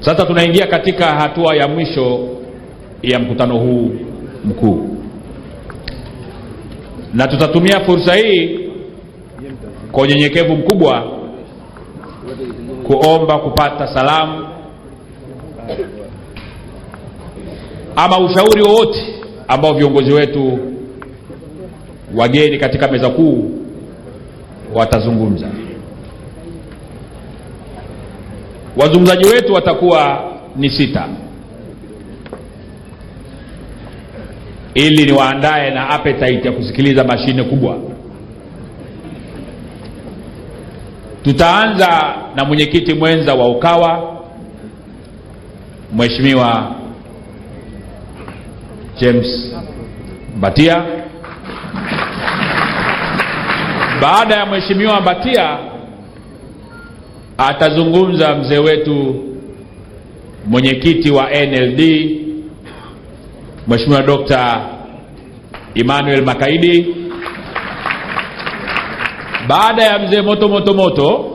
Sasa tunaingia katika hatua ya mwisho ya mkutano huu mkuu, na tutatumia fursa hii kwa unyenyekevu mkubwa kuomba kupata salamu ama ushauri wowote ambao viongozi wetu wageni katika meza kuu watazungumza. wazungumzaji wetu watakuwa ni sita ili niwaandae na appetite ya kusikiliza mashine kubwa. Tutaanza na mwenyekiti mwenza wa Ukawa, Mheshimiwa James Mbatia. Baada ya Mheshimiwa Mbatia Atazungumza mzee wetu mwenyekiti wa NLD Mheshimiwa Dr. Emmanuel Makaidi. Baada ya mzee moto moto moto,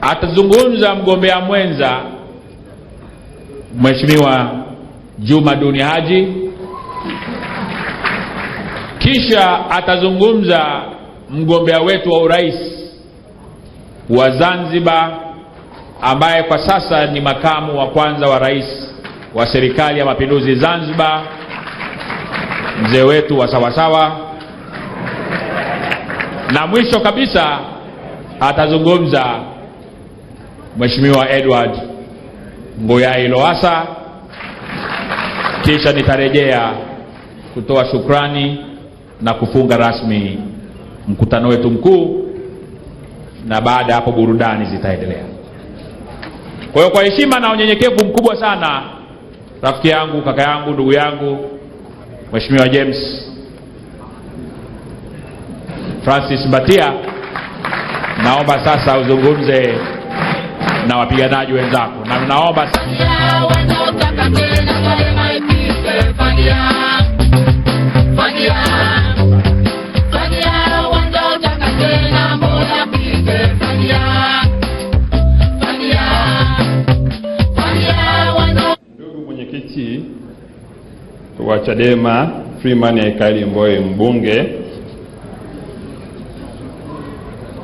atazungumza mgombea mwenza Mheshimiwa Juma Duni Haji, kisha atazungumza mgombea wetu wa urais wa Zanzibar ambaye kwa sasa ni makamu wa kwanza wa rais wa serikali ya mapinduzi Zanzibar, mzee wetu wa sawasawa. Na mwisho kabisa atazungumza Mheshimiwa Edward Ngoyai Lowassa, kisha nitarejea kutoa shukrani na kufunga rasmi mkutano wetu mkuu na baada ya hapo burudani zitaendelea. Kwa hiyo, kwa heshima na unyenyekevu mkubwa sana, rafiki yangu, kaka yangu, ndugu yangu, Mheshimiwa James Francis Mbatia, naomba sasa uzungumze na wapiganaji wenzako na naomba Chadema Freeman Aikaeli Mbowe mbunge,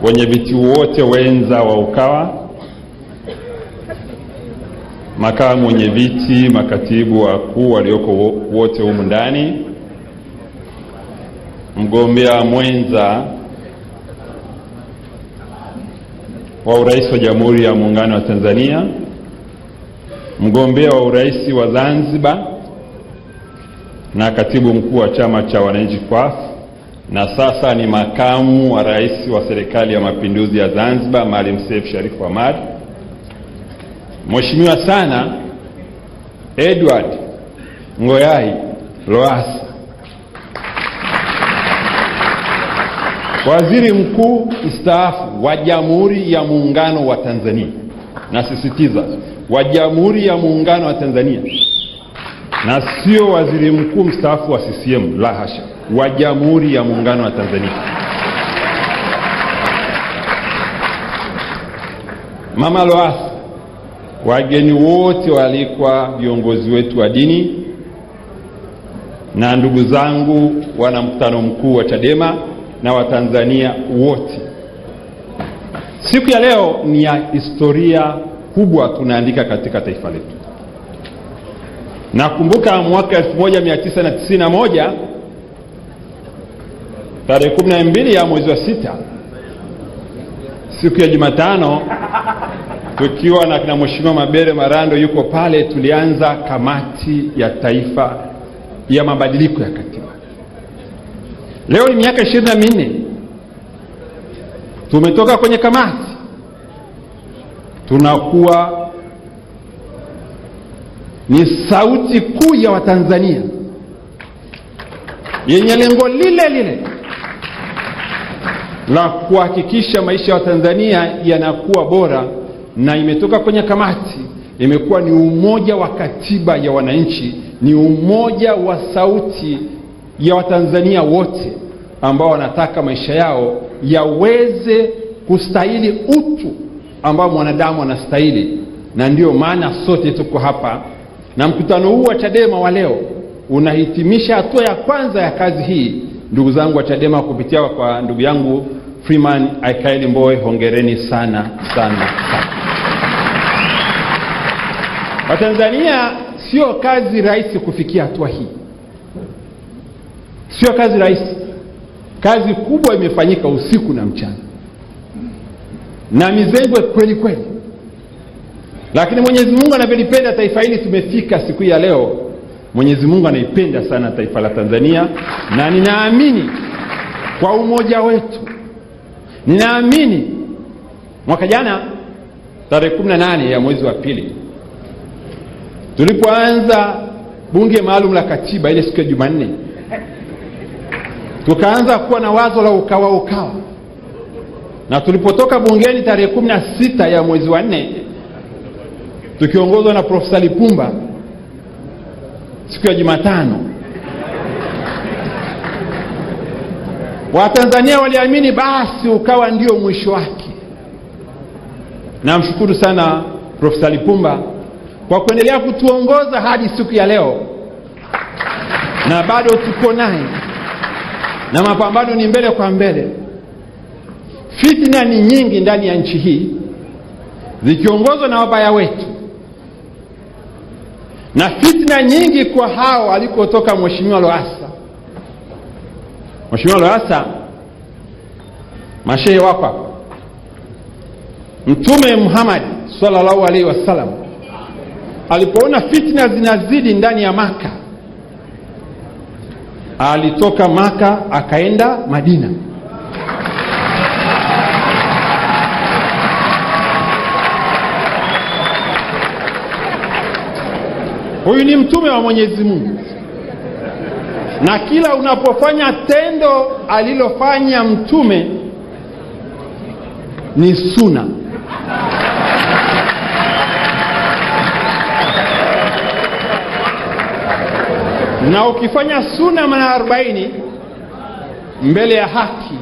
wenyeviti wote wenza wa Ukawa, makamu viti makatibu wakuu walioko wote humu ndani, mgombea mwenza wa urais wa Jamhuri ya Muungano wa Tanzania, mgombea wa urais wa Zanzibar na katibu mkuu wa chama cha wananchi CUF na sasa ni makamu wa rais wa serikali ya mapinduzi ya Zanzibar Maalim Seif Sharif Hamad. Mheshimiwa sana Edward Ngoyai Lowassa, waziri mkuu mstaafu wa Jamhuri ya Muungano wa Tanzania, nasisitiza wa Jamhuri ya Muungano wa Tanzania na sio waziri mkuu mstaafu wa CCM, la hasha, wa Jamhuri ya Muungano wa Tanzania. Mama Loasa, wageni wote waalikwa, viongozi wetu wa dini na ndugu zangu wana mkutano mkuu wa Chadema na Watanzania wote, siku ya leo ni ya historia kubwa tunaandika katika taifa letu. Nakumbuka mwaka 1991 tarehe 12 ya mwezi wa sita, siku ya Jumatano, tukiwa na kina Mheshimiwa Mabere Marando yuko pale, tulianza kamati ya taifa ya mabadiliko ya katiba. Leo ni miaka ishirini na minne tumetoka kwenye kamati, tunakuwa ni sauti kuu ya Watanzania yenye lengo lile lile la kuhakikisha maisha ya Watanzania yanakuwa bora, na imetoka kwenye kamati, imekuwa ni umoja wa katiba ya wananchi, ni umoja wa sauti ya Watanzania wote ambao wanataka maisha yao yaweze kustahili utu ambao mwanadamu anastahili, na ndiyo maana sote tuko hapa na mkutano huu wa Chadema wa leo unahitimisha hatua ya kwanza ya kazi hii. Ndugu zangu wa Chadema, kupitia kwa ndugu yangu Freeman Aikaeli mboe hongereni sana sana. Watanzania, sio kazi rahisi kufikia hatua hii, sio kazi rahisi. Kazi kubwa imefanyika usiku na mchana na mizengwe kweli kweli lakini Mwenyezi Mungu anavyolipenda taifa hili, tumefika siku hii ya leo. Mwenyezi Mungu anaipenda sana taifa la Tanzania, na ninaamini kwa umoja wetu, ninaamini mwaka jana tarehe kumi na nane ya mwezi wa pili tulipoanza bunge maalum la katiba, ile siku ya Jumanne, tukaanza kuwa na wazo la ukawa ukawa, na tulipotoka bungeni tarehe kumi na sita ya mwezi wa nne tukiongozwa na Profesa Lipumba siku ya Jumatano. Watanzania waliamini, basi ukawa ndio mwisho wake. Namshukuru sana Profesa Lipumba kwa kuendelea kutuongoza hadi siku ya leo, na bado tuko naye na mapambano ni mbele kwa mbele. Fitna ni nyingi ndani ya nchi hii zikiongozwa na wabaya wetu na fitna nyingi kwa hao alikotoka mheshimiwa Loasa. Mheshimiwa Loasa, mashehe wako hapa. Mtume Muhammad sallallahu alaihi wasallam alipoona fitna zinazidi ndani ya Maka, alitoka Maka akaenda Madina. Huyu ni mtume wa Mwenyezi Mungu, na kila unapofanya tendo alilofanya mtume ni suna. Na ukifanya suna mana arobaini mbele ya haki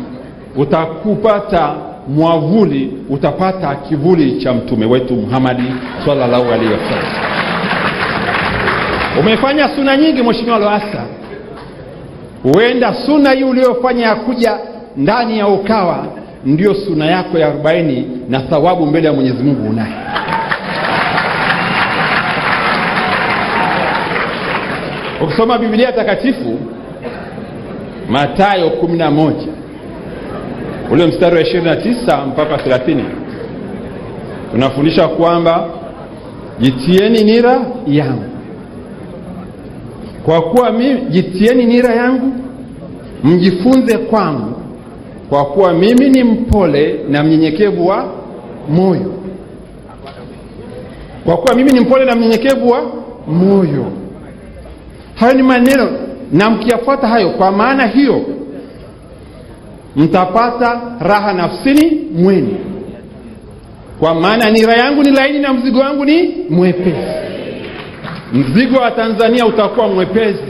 utakupata mwavuli, utapata kivuli cha mtume wetu Muhamadi sallallahu alaihi wasallam. Umefanya suna nyingi mheshimiwa loasa huenda suna hii uliyofanya ya kuja ndani ya Ukawa ndiyo suna yako ya 40 na thawabu mbele ya Mwenyezi Mungu unayo. Ukisoma Biblia Takatifu Mathayo 11 ule mstari wa 29 mpaka 30 tunafundisha kwamba jitieni nira yangu kwa kuwa mimi, jitieni nira yangu mjifunze kwangu, kwa kuwa mimi ni mpole na mnyenyekevu wa moyo. Kwa kuwa mimi ni mpole na mnyenyekevu wa moyo. Hayo ni maneno, na mkiyafuata hayo, kwa maana hiyo mtapata raha nafsini mwenu, kwa maana nira yangu ni laini na mzigo wangu ni mwepesi. Mzigo wa Tanzania utakuwa mwepesi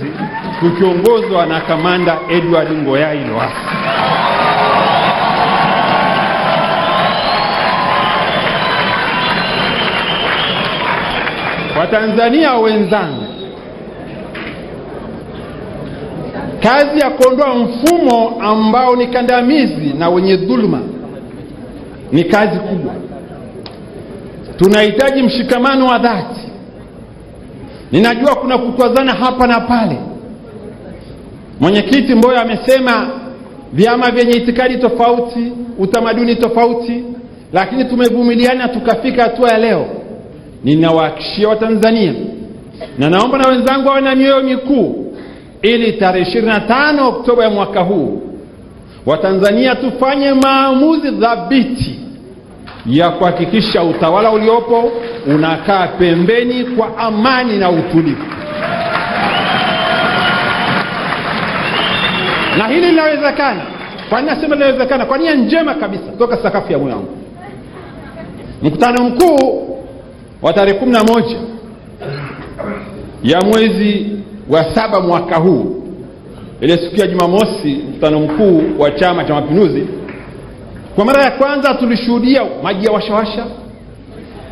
tukiongozwa na kamanda Edward Ngoyai Lowassa. Watanzania wenzangu, kazi ya kuondoa mfumo ambao ni kandamizi na wenye dhuluma ni kazi kubwa. Tunahitaji mshikamano wa dhati Ninajua kuna kutwazana hapa na pale. Mwenyekiti Mboya amesema vyama vyenye itikadi tofauti, utamaduni tofauti, lakini tumevumiliana tukafika hatua ya leo. ninawaakishia Watanzania na naomba na wenzangu awe na mioyo mikuu, ili tarehe tano Oktoba ya mwaka huu Watanzania tufanye maamuzi dhabiti ya kuhakikisha utawala uliopo unakaa pembeni kwa amani na utulivu. Na hili linawezekana. Kwa nini nasema linawezekana? Kwa nia njema kabisa kutoka sakafu ya moyo wangu. Mkutano mkuu wa tarehe kumi na moja ya mwezi wa saba mwaka huu, ile siku ya Jumamosi, mkutano mkuu wa Chama cha Mapinduzi kwa mara ya kwanza tulishuhudia maji ya washawasha,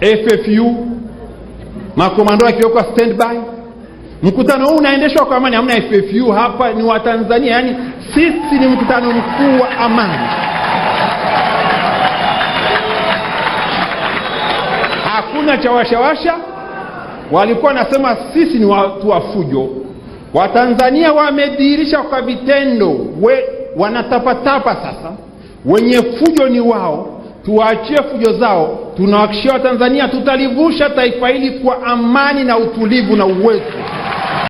FFU, makomando akiwekwa standby. Mkutano huu unaendeshwa kwa amani, hamna FFU hapa, ni Watanzania. Yani sisi ni mkutano mkuu wa amani, hakuna cha washawasha. Walikuwa wanasema sisi ni watu wa fujo. Watanzania wamedhihirisha kwa vitendo, we wanatapatapa sasa wenye fujo ni wao, tuwaachie fujo zao. Tunawahakikishia Watanzania tutalivusha taifa hili kwa amani na utulivu na uwezo